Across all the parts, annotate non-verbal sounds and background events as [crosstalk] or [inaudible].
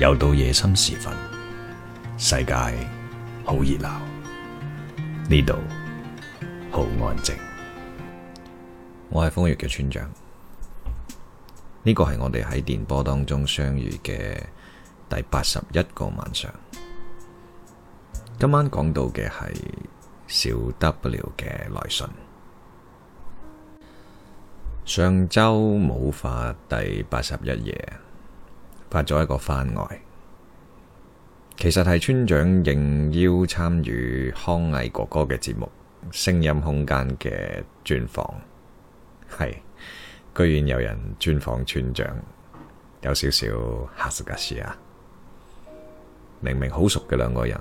又到夜深時分，世界好熱鬧，呢度好安靜。我係瘋粵嘅村長，呢個係我哋喺電波當中相遇嘅第八十一個晚上。今晚講到嘅係小 W 嘅來信，上周冇發第八十一夜。發咗一個番外，其實係村長應邀參與康毅哥哥嘅節目《聲音空間》嘅專訪。係，居然有人專訪村長，有少少哈斯嘎西啊！明明好熟嘅兩個人，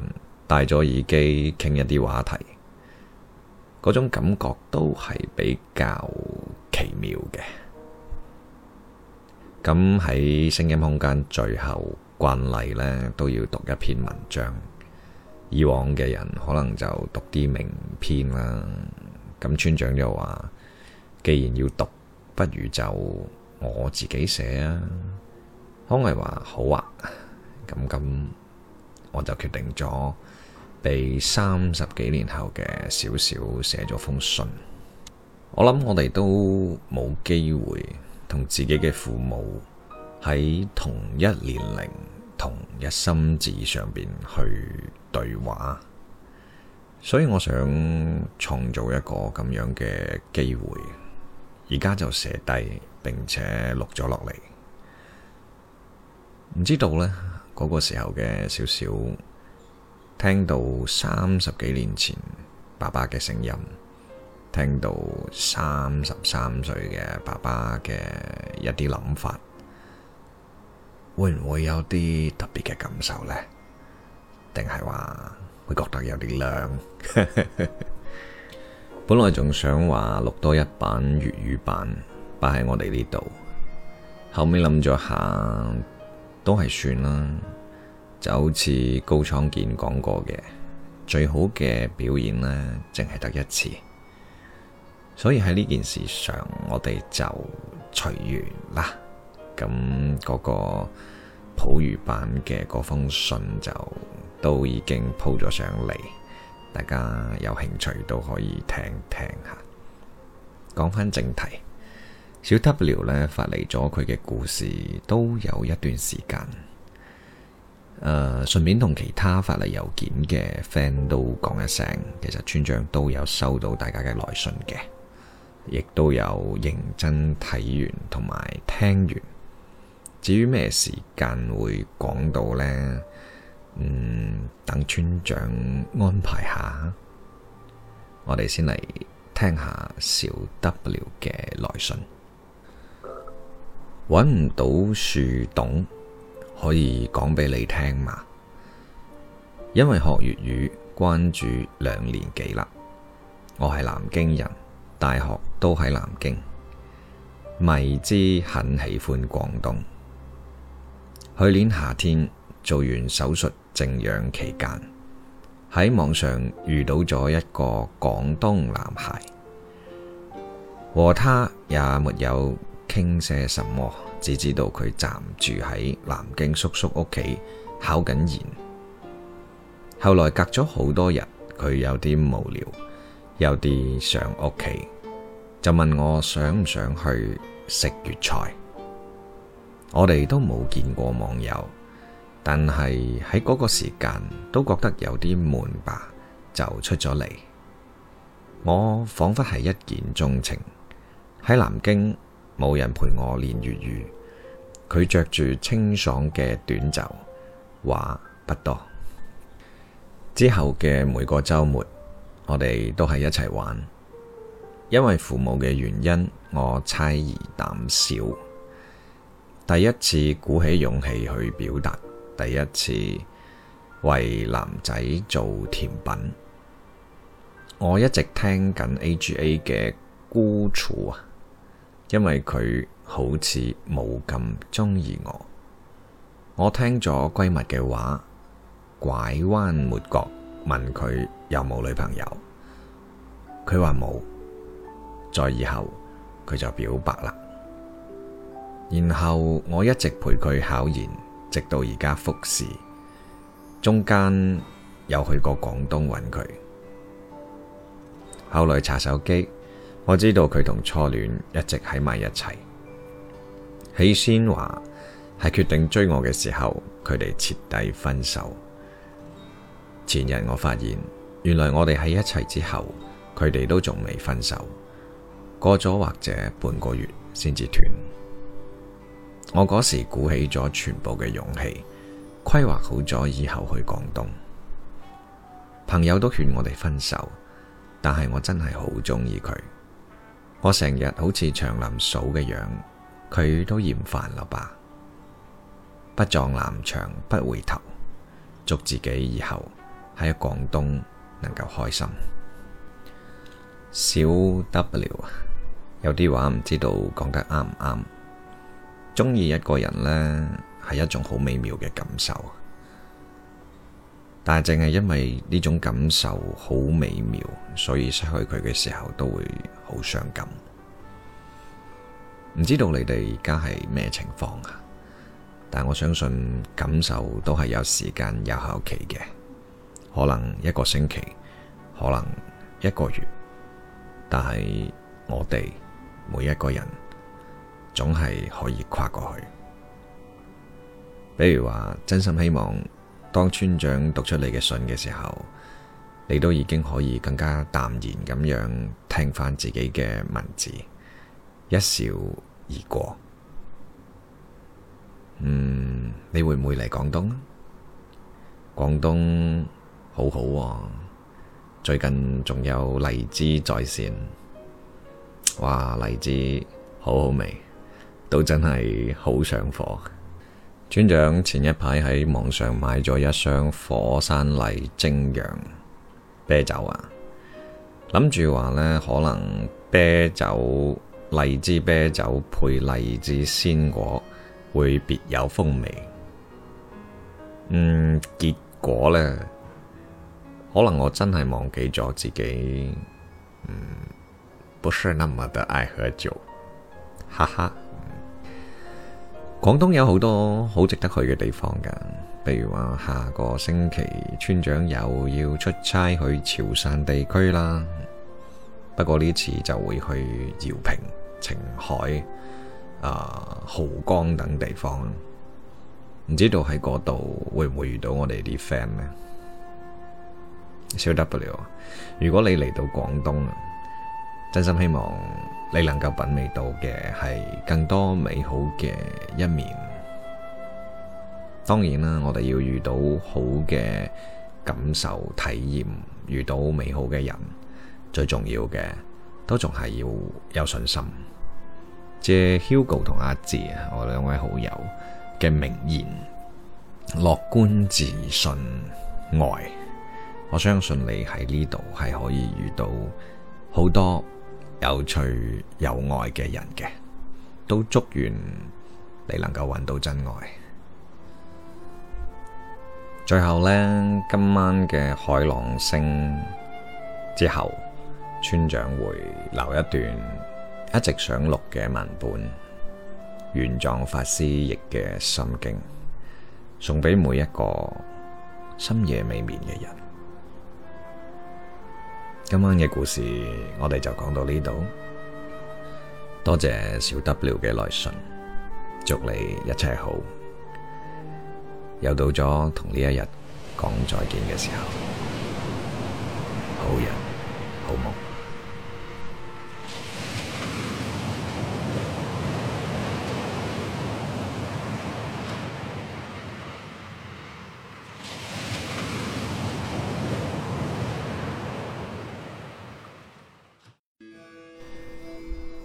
戴咗耳機傾一啲話題，嗰種感覺都係比較奇妙嘅。咁喺聲音空間最後慣例咧，都要讀一篇文章。以往嘅人可能就讀啲名篇啦。咁村長又話：既然要讀，不如就我自己寫啊。康毅話：好啊。咁咁，我就決定咗，俾三十幾年後嘅小小寫咗封信。我諗我哋都冇機會，同自己嘅父母喺同一年齡、同一心智上邊去對話，所以我想創造一個咁樣嘅機會。而家就寫低，並且錄咗落嚟，唔知道咧嗰個時候嘅小小，聽到三十幾年前爸爸嘅聲音。聽到三十三歲嘅爸爸嘅一啲諗法，會唔會有啲特別嘅感受呢？定係話會覺得有啲亮？ [laughs] 本來仲想話錄多一版粵語版擺喺我哋呢度，後尾諗咗下都係算啦。就好似高倉健講過嘅，最好嘅表演呢，淨係得一次。所以喺呢件事上，我哋就隨緣啦。咁、那、嗰個普語版嘅嗰封信就都已經鋪咗上嚟，大家有興趣都可以聽聽下。講返正題，小 W 呢發嚟咗佢嘅故事都有一段時間。誒、呃，順便同其他發嚟郵件嘅 fan 都講一聲，其實村長都有收到大家嘅來信嘅。亦都有認真睇完同埋聽完，至於咩時間會講到呢？嗯，等村長安排下，我哋先嚟聽下小 W 嘅來信。揾唔到樹洞，可以講俾你聽嘛？因為學粵語關注兩年幾啦，我係南京人。大學都喺南京，迷之很喜歡廣東。去年夏天做完手術靜養期間，喺網上遇到咗一個廣東男孩，和他也沒有傾些什麼，只知道佢暫住喺南京叔叔屋企考緊研。後來隔咗好多日，佢有啲無聊。有啲想屋企，就問我想唔想去食粵菜。我哋都冇見過網友，但係喺嗰個時間都覺得有啲悶吧，就出咗嚟。我彷彿係一見鍾情，喺南京冇人陪我練粵語。佢着住清爽嘅短袖，話不多。之後嘅每個週末，我哋都係一齊玩，因為父母嘅原因，我猜疑膽小。第一次鼓起勇氣去表達，第一次為男仔做甜品。我一直聽緊 AGA 嘅《孤雛》啊，因為佢好似冇咁鍾意我。我聽咗閨蜜嘅話，拐彎抹角問佢。又有冇女朋友？佢話冇。再以後，佢就表白啦。然後我一直陪佢考研，直到而家複試。中間有去過廣東揾佢。後來查手機，我知道佢同初戀一直喺埋一齊。起先話係決定追我嘅時候，佢哋徹底分手。前日我發現，原來我哋喺一齊之後，佢哋都仲未分手，過咗或者半個月先至斷。我嗰時鼓起咗全部嘅勇氣，規劃好咗以後去廣東。朋友都勸我哋分手，但係我真係好中意佢。我成日好似祥林嫂嘅樣，佢都嫌煩喇吧？不撞南牆不回頭，祝自己以後喺廣東。能夠開心，小 W 有啲話唔知道講得啱唔啱。中意一個人呢，係一種好美妙嘅感受，但係正係因為呢種感受好美妙，所以失去佢嘅時候都會好傷感。唔知道你哋而家係咩情況啊？但我相信感受都係有時間有效期嘅。可能一個星期，可能一個月，但係我哋每一個人總係可以跨過去。比如話，真心希望當村長讀出你嘅信嘅時候，你都已經可以更加淡然咁樣聽翻自己嘅文字，一笑而過。嗯，你會唔會嚟廣東啊？廣東？廣東好好、啊、喎，最近仲有荔枝在線，哇荔枝好好味，都真係好上火。村長前一排喺網上買咗一箱火山荔精釀啤酒啊，諗住話呢，可能啤酒荔枝啤酒配荔枝鮮果會別有風味。嗯，結果呢。可能我真係忘記咗自己，嗯，不是那麼的愛喝酒，哈哈。廣東有好多好值得去嘅地方噶，譬如話下個星期村長又要出差去潮汕地區啦，不過呢次就會去饒平、澄海、啊、呃、濠江等地方，唔知道喺嗰度會唔會遇到我哋啲 friend 呢？小 W，如果你嚟到廣東，真心希望你能夠品味到嘅係更多美好嘅一面。當然啦，我哋要遇到好嘅感受體驗，遇到美好嘅人，最重要嘅都仲係要有信心。借 Hugo 同阿智我兩位好友嘅名言：樂觀、自信、愛。我相信你喺呢度係可以遇到好多有趣有愛嘅人嘅，都祝願你能夠揾到真愛。最後咧，今晚嘅海浪聲之後，村長會留一段一直想錄嘅文本《玄奘法師譯嘅心經》，送俾每一個深夜未眠嘅人。今晚嘅故事我哋就講到呢度，多謝小 W 嘅來信，祝你一切好，又到咗同呢一日講再見嘅時候，好人好夢。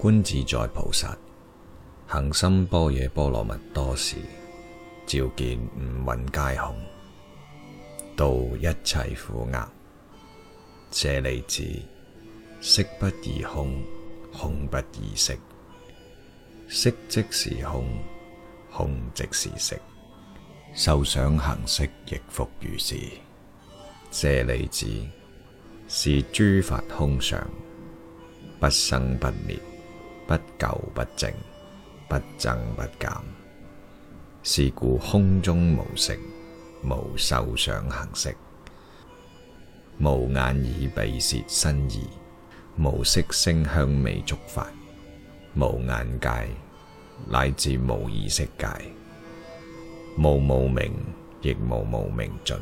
觀自在菩薩，行深般若波羅蜜多時，照見五蘊皆空，度一切苦厄。舍利子，色不異空，空不異色，色即是空，空即是色，受想行識亦復如是。舍利子，是諸法空相，不生不滅。不垢不淨，不增不減。是故空中無色，無受想行識，無眼耳鼻舌身意，無色聲香味觸法，無眼界，乃至無意識界。無無明，亦無無明盡，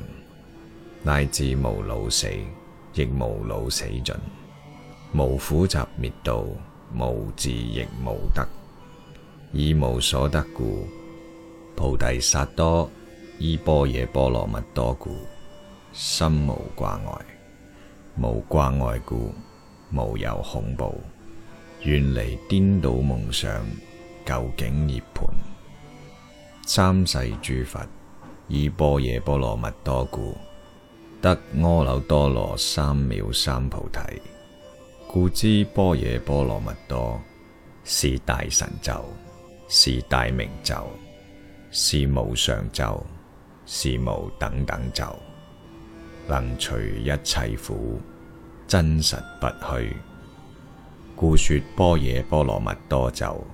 乃至無老死，亦無老死盡。無苦集滅道。無智亦無得，以無所得故，菩提薩埵依般若波羅蜜多故，心無掛礙，無掛礙故，無有恐怖，遠離顛倒夢想，究竟涅槃。三世諸佛依般若波羅蜜多故，得阿耨多羅三藐三菩提。故知般若波羅蜜多是大神咒，是大明咒，是無上咒，是無等等咒，能除一切苦，真實不虛。故說般若波羅蜜多咒，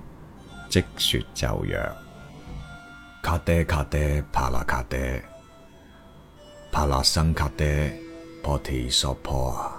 即說咒曰：揭諦揭諦，波羅揭諦，波羅僧揭諦，菩提薩婆訶。